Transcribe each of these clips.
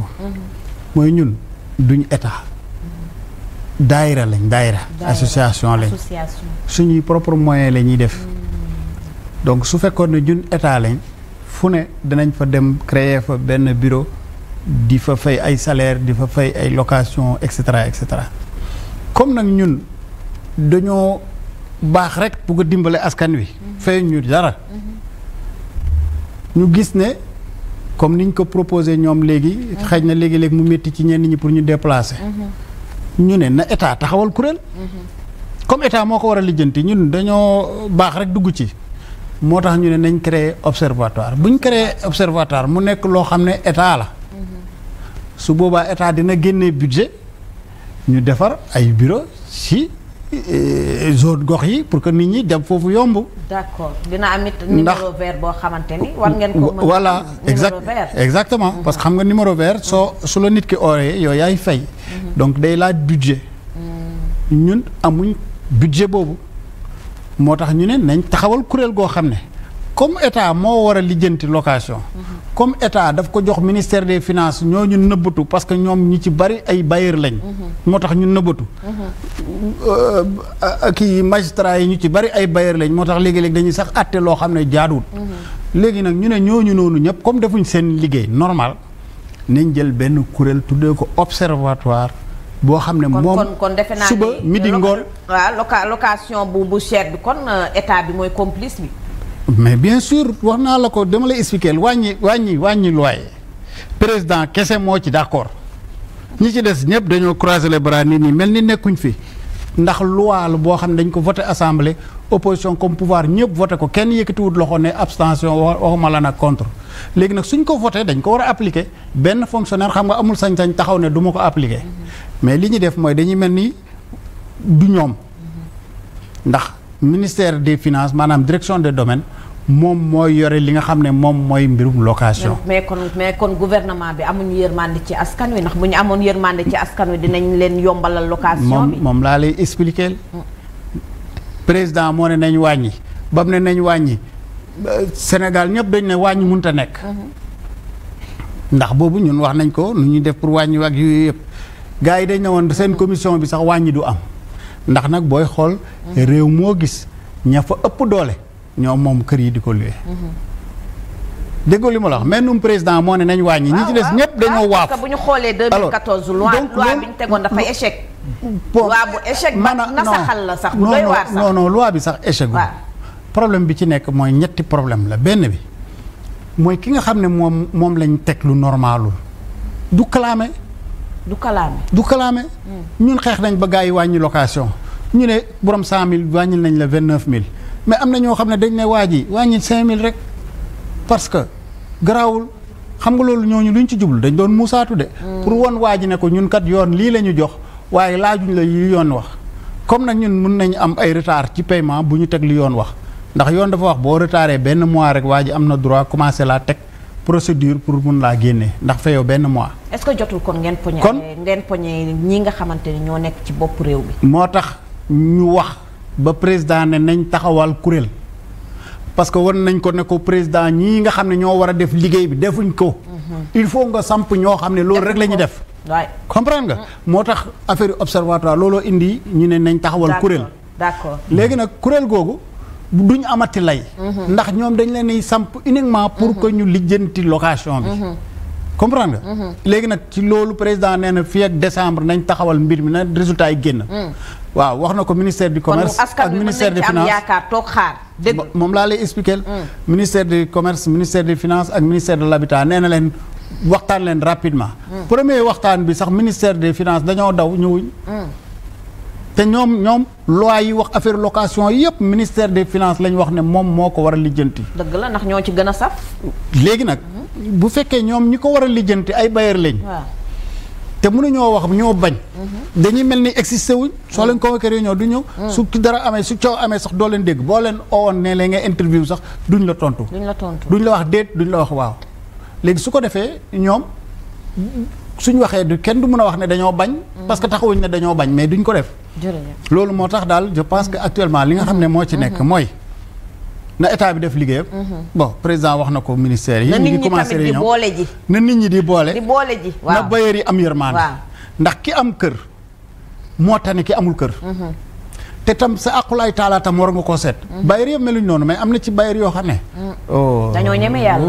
ko. mooy ñun duñ état. daayira lañ daayira. association lañ suñuy propre moyen la ñuy def. donc su fekkoon ne ñun état fu ne dinañ fa dem créer fa benn bureau di fa fay ay salaire di fa fay ay location et cetera et cetera comme nag ñun dañoo baax rek bu ko dimbale askan wi. Mm-hmm. fay ñu dara. Mm-hmm. ñu gis ne. comme niñ ko proposé ñoom léegi. xëy na léegi-léegi mu métti ci ñenn ñi pour ñu déplacer. Mhm. ñu ne na état taxawal kuréel. Mhm. comme état moo ko war a lijjanti ñun dañoo baax rek dugg ci. moo tax ñu ne nañ créer observatoire buñ ñu créer observatoire mu nekk loo xam ne état la. Mhm. su boobaa état dina génne budget ñu defar ay bureau si Eh, zone gox yi pour que nit ñi dem foofu yomb. d'accord dina am it numéro vert boo xamante ni war ngeen exactement mhm. parce que xam nga numéro ver soo su la nit ki ooree yow yaay fay. Mhm. donc day laa budget. Mhm. ñun amuñ budget boobu moo tax ñu ne nañ taxawal kuréel goo xam ne. comme état moo war a lijjanti location. comme état daf ko jox ministère des finances ñooñu nëbbatu parce que ñoom ñu ci bari ay bailleur lañ. moo tax ñu nëbbatu. Euh, kii magistrat yi ñu ci bari ay bailleur lañ moo tax léegi-léegi dañuy sax àtte loo xam ne jaaduwut. léegi nag ñu ne ñu noonu ñëpp comme defuñ seen liggéey normal nañ jël benn kuréel tuddee ko observatoire. boo xam ne moom kon kon defe naa suba midi ngoon. waaw location bu bu cher kon euh, état bi mooy complice bi. mais bien sûr wax naa la ko dama la expliquer wàññi wàññi wàññi loyer président kese moo ci d'accord ñi ci des ñëpp dañoo croiser les bras nit ñi mel ni nekkuñ fi ndax loi la boo xam ne dañ ko voté assemblée opposition comme pouvoir ñëpp voté ko kenn yëkkatiwut loxo ne abstention waxuma la nag contre léegi nag suñ ko voté dañ ko war a appliqué benn fonctionnaire xam nga amul sañ-sañ taxaw ne duma ko appliqué mais li ñuy def mooy dañuy mel ni du ñoom ndax ministère des finances direction des domaines moom mooy yore li nga xam ne moom mooy mbirum location. mais kon mais kon gouvernement bi amuñu yërmande ci askan wi ndax bu ñu amoon yërmande ci askan wi dinañ leen yombalal location moom moom laa lay expliquer. Mm. président moo ne nañ wàññi bam ne nañ wàññi Sénégal ñëpp dañ ne wàññi mënut a nekk. Mm-hmm. ndax boobu ñun wax nañ ko nu ñuy def pour wàññi ak yooyu yëpp gars yi dañ ne woon seen commission bi sax wàññi du am ndax nag booy xool. Mm. réew moo gis ña fa ëpp doole. ñoom moom kër yi di ko luwe. déggoo li ma la wax mais num président moo ne nañ wàññi. ñi ci des ñëpp dañoo waaf. parce que ñu xoolee 2014. loi loi bi ñu tegoon dafay échec. loi bu échec ba nasaxal la sax. bu doy waar sax non non bi sax échec. problème bi ci nekk mooy ñetti problème la benn bi mooy ki nga xam ne moom moom lañ teg lu normalul du kalaame. du kalaame du kalaame. Hmm. ñun xeex nañ ba gars yi wàññi location ñu ne borom cent mille wàññil nañ la 29000. mais am na ñoo xam ne dañ ne waa ji wàññi 5000 rek parce que garawul xam nga loolu ñoo ñooñu luñ ci jublu dañ doon muusaatu de. Mm. pour won waa ji ne ko ñun kat yoon lii la ñu jox waaye laajuñ la yu yoon wax comme nag ñun mun nañu am ay retard ci paiement bu ñu teg yoon wax ndax yoon dafa wax boo retardé benn mois rek am na droit commencé laa teg. procédure pour mun laa génnee ndax feyoo benn mois. est-ce que jotul kon ngeen. poñe ngeen poñe ñi nga xamante ñoo nekk ci bopp réew mi. moo tax ñu wax ba président ne nañ taxawal kuréel parce que wan nañ ko ne ko président ñi nga xam ne ñoo war a def liggéey bi defuñ ko. Mhm. il faut nga samp ñoo xam ne loolu rek la ñuy def. comprendre nga. Mhm. moo tax affaire observatoire looloo indi ñu ne nañ taxawal kuréel. d'accord léegi nag kuréel googu duñ amati lay. Mhm. ndax ñoom dañ leen di samp uniquement pour que ñu lijjanti location bi. comprendre nga. léegi nag ci loolu président nee na fii ak décembre nañ taxawal mbir mi na résultat yi génn. waaw wax na ko ministère du commerce ak ministère des finances yaakaar toog xaar moom laa lay expliquer mm. ministère de commerce ministère des finances ak ministère de l'habitat nee leen waxtaan leen rapidement mm. premier waxtaan bi sax ministère des finances dañoo daw ñëwuñ mm. te ñoom ñoom loi yi wax affaire location yëpp ministère des finance la ñu wax ne moom moo ko war a lijjanti. dëgg la ndax ñoo ci gën a saf. léegi nag mm-hmm. bu fekkee ñoom ñi ko war a lijjanti ay bailleur lañ. te ñoo wax ñoo bañ. dañuy mel ni existé wuñ. soo leen convoqué réunion du ñëw. Mm. su dara amee su coow amee sax doo leen dégg boo leen owoon ne leen nga interview sax duñ la tontu. duñ la tontu duñ la wax déet duñ la wax waaw. léegi su ko defee ñoom suñ waxee du kenn du mën a wax ne dañoo bañ. Mm. parce que taxawuñ ne dañoo bañ mais duñ ko def. loolu moo tax daal je pense que actuellement li nga xam ne moo ci nekk mm-hmm. mooy. na état bi def liggéeyam. Mhm. bon président wax na ko ministère yi. ñu ngi commencé réunion na nit ñi tamit di boole ji. na nit ñi di boole. di boole ji waaw na bailleur yi am yërmande. ndax ki am kër moo tane ki amul kër. Mhm. te tam sa aqulaay taala tam war nga koo seet. Mhm. bailleur yëpp meluñ noonu mais am na ci bailleur yoo xam ne. oh dañoo ñeme yàlla.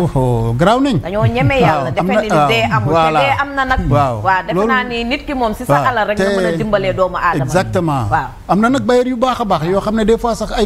garaaw nañ. dañoo ñeme yàlla. defe ni dee amul te dee am na nag. waaw waaw defe naa ni nit ki moom si sa alal rek nga mën a dimbalee doomu aadama. waaw am na nag bailleur yu baax a baax yoo xam ne